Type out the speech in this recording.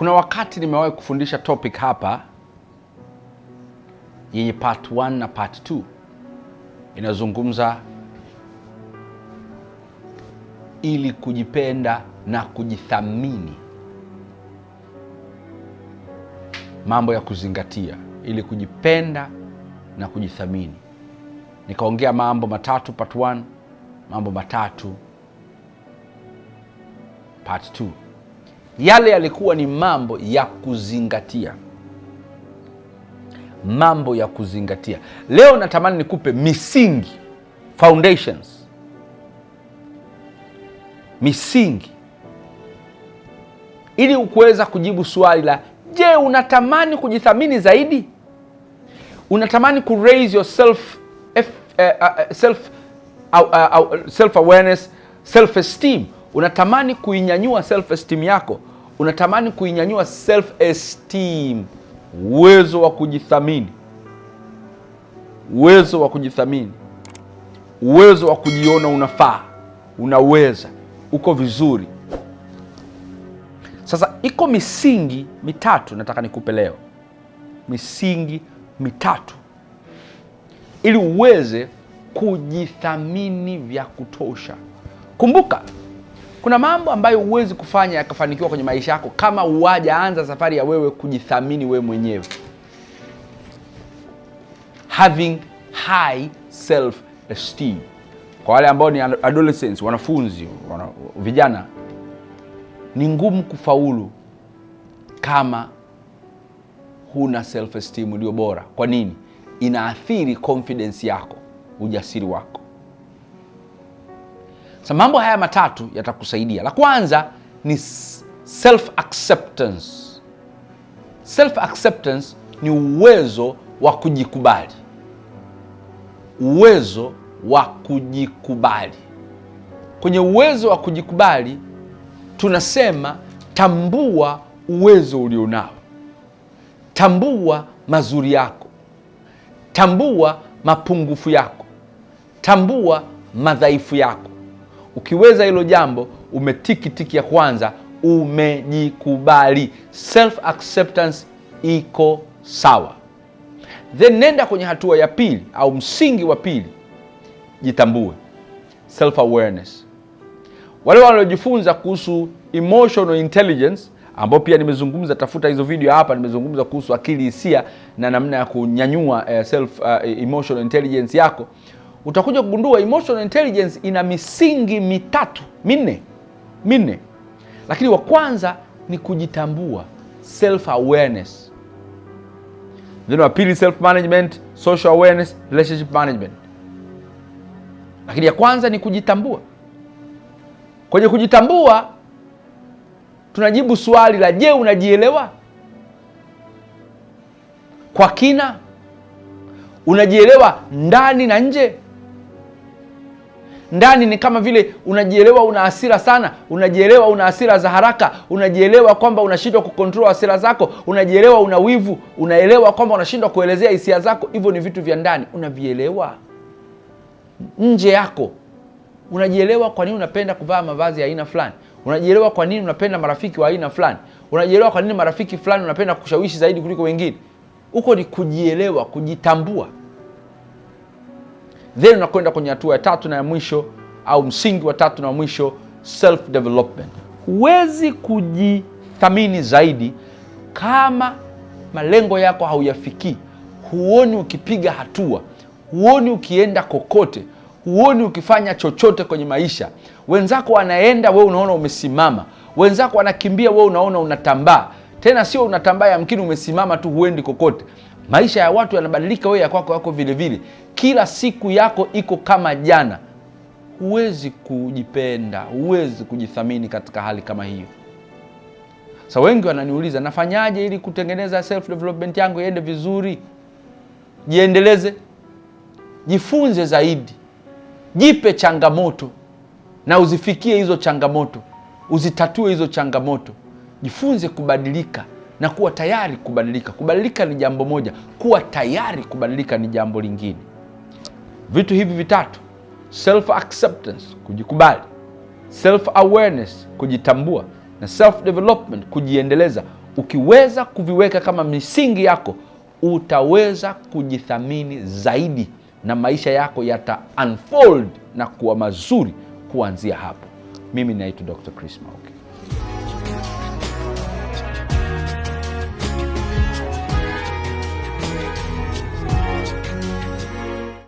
Kuna wakati nimewahi kufundisha topic hapa yenye part 1 na part 2 inazungumza ili kujipenda na kujithamini, mambo ya kuzingatia ili kujipenda na kujithamini. Nikaongea mambo matatu part 1, mambo matatu part 2. Yale yalikuwa ni mambo ya kuzingatia, mambo ya kuzingatia. Leo natamani nikupe misingi, foundations, misingi ili ukuweza kujibu swali la je, unatamani kujithamini zaidi? Unatamani ku raise your self eh, eh, eh, self self awareness, self esteem. Unatamani kuinyanyua self esteem yako unatamani kuinyanyua self esteem, uwezo wa kujithamini, uwezo wa kujithamini, uwezo wa kujiona unafaa, unaweza, uko vizuri. Sasa iko misingi mitatu nataka nikupe leo, misingi mitatu ili uweze kujithamini vya kutosha. Kumbuka kuna mambo ambayo huwezi kufanya yakafanikiwa kwenye maisha yako kama huwajaanza safari ya wewe kujithamini wewe mwenyewe, having high self esteem. Kwa wale ambao ni adolescents, wanafunzi, wana, vijana, ni ngumu kufaulu kama huna self esteem iliyo bora. Kwa nini? Inaathiri confidence yako, ujasiri wako. Sa mambo haya matatu yatakusaidia. La kwanza ni self acceptance. Self acceptance ni uwezo wa kujikubali, uwezo wa kujikubali. Kwenye uwezo wa kujikubali tunasema tambua uwezo ulionao, tambua mazuri yako, tambua mapungufu yako, tambua madhaifu yako. Ukiweza hilo jambo, umetiki tiki ya kwanza, umejikubali. Self acceptance iko sawa. Then nenda kwenye hatua ya pili au msingi wa pili, jitambue, self awareness. Wale waliojifunza kuhusu emotional intelligence ambao pia nimezungumza, tafuta hizo video hapa. Nimezungumza kuhusu akili hisia na namna ya kunyanyua eh, self uh, emotional intelligence yako utakuja kugundua emotional intelligence ina misingi mitatu minne minne, lakini wa kwanza ni kujitambua, self awareness, then wa pili self management, social awareness, relationship management. Lakini ya kwanza ni kujitambua. Kwenye kujitambua tunajibu swali la je, unajielewa kwa kina? Unajielewa ndani na nje? ndani ni kama vile unajielewa una hasira sana, unajielewa una hasira za haraka, unajielewa kwamba unashindwa kukontrol hasira zako, unajielewa una wivu, unaelewa kwamba unashindwa kuelezea hisia zako. Hivyo ni vitu vya ndani, unavielewa nje yako. Unajielewa kwa nini unapenda kuvaa mavazi ya aina fulani, unajielewa kwa nini unapenda marafiki wa aina fulani, unajielewa kwa nini marafiki fulani unapenda kushawishi zaidi kuliko wengine. Huko ni kujielewa, kujitambua then unakwenda kwenye hatua ya tatu na ya mwisho au msingi wa tatu na mwisho, self development. Huwezi kujithamini zaidi kama malengo yako hauyafikii, huoni ukipiga hatua, huoni ukienda kokote, huoni ukifanya chochote kwenye maisha. Wenzako wanaenda, wewe unaona umesimama, wenzako wanakimbia, wewe unaona unatambaa. Tena sio unatambaa, yamkini umesimama tu, huendi kokote. Maisha ya watu yanabadilika, wewe ya kwako yako vile vile. Kila siku yako iko kama jana. Huwezi kujipenda, huwezi kujithamini katika hali kama hiyo. Sa wengi wananiuliza nafanyaje ili kutengeneza self development yangu iende vizuri? Jiendeleze, jifunze zaidi, jipe changamoto na uzifikie hizo changamoto, uzitatue hizo changamoto, jifunze kubadilika na kuwa tayari kubadilika. Kubadilika ni jambo moja, kuwa tayari kubadilika ni jambo lingine. Vitu hivi vitatu, self acceptance, kujikubali, self awareness, kujitambua na self development, kujiendeleza, ukiweza kuviweka kama misingi yako, utaweza kujithamini zaidi na maisha yako yata unfold na kuwa mazuri kuanzia hapo. Mimi naitwa Dr. Chris Mauki.